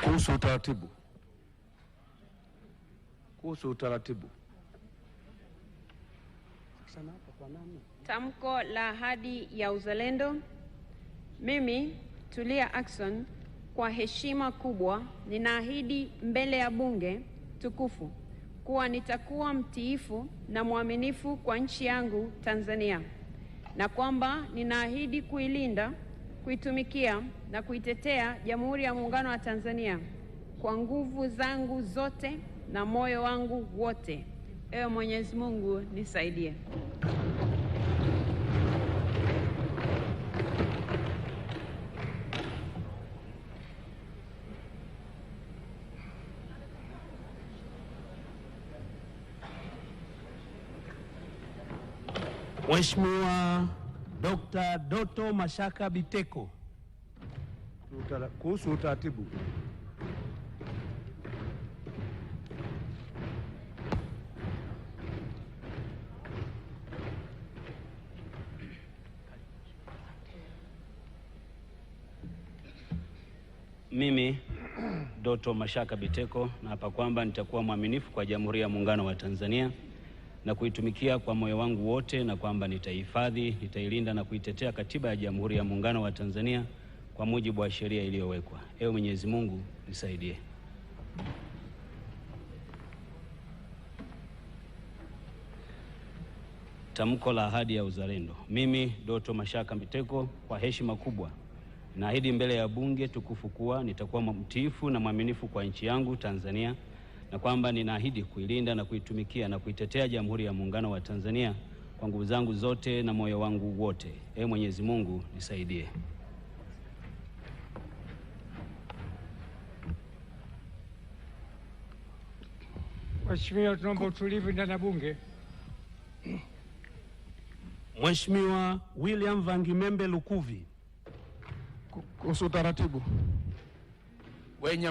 Kuhusu utaratibu, kuhusu utaratibu, tamko la ahadi ya uzalendo, mimi Tulia Ackson kwa heshima kubwa ninaahidi mbele ya bunge tukufu kuwa nitakuwa mtiifu na mwaminifu kwa nchi yangu Tanzania na kwamba ninaahidi kuilinda kuitumikia na kuitetea Jamhuri ya Muungano wa Tanzania kwa nguvu zangu zote na moyo wangu wote. Ewe Mwenyezi Mungu nisaidie. Mheshimiwa Dr. Doto Mashaka Biteko kuhusu utaratibu. Mimi Doto Mashaka Biteko naapa kwamba nitakuwa mwaminifu kwa Jamhuri ya Muungano wa Tanzania na kuitumikia kwa moyo wangu wote na kwamba nitaihifadhi, nitailinda na kuitetea Katiba ya Jamhuri ya Muungano wa Tanzania kwa mujibu wa sheria iliyowekwa. Ewe Mwenyezi Mungu nisaidie. Tamko la ahadi ya uzalendo. Mimi Doto Mashaka Miteko, kwa heshima kubwa naahidi mbele ya Bunge tukufu kuwa nitakuwa mtiifu na mwaminifu kwa nchi yangu Tanzania na kwamba ninaahidi kuilinda na kuitumikia na kuitetea Jamhuri ya Muungano wa Tanzania kwa nguvu zangu zote na moyo wangu wote. Ee Mwenyezi Mungu nisaidie. Mheshimiwa, tunaomba utulivu ndani ya bunge. Mheshimiwa William Vangimembe Lukuvi kuhusu utaratibu. wenye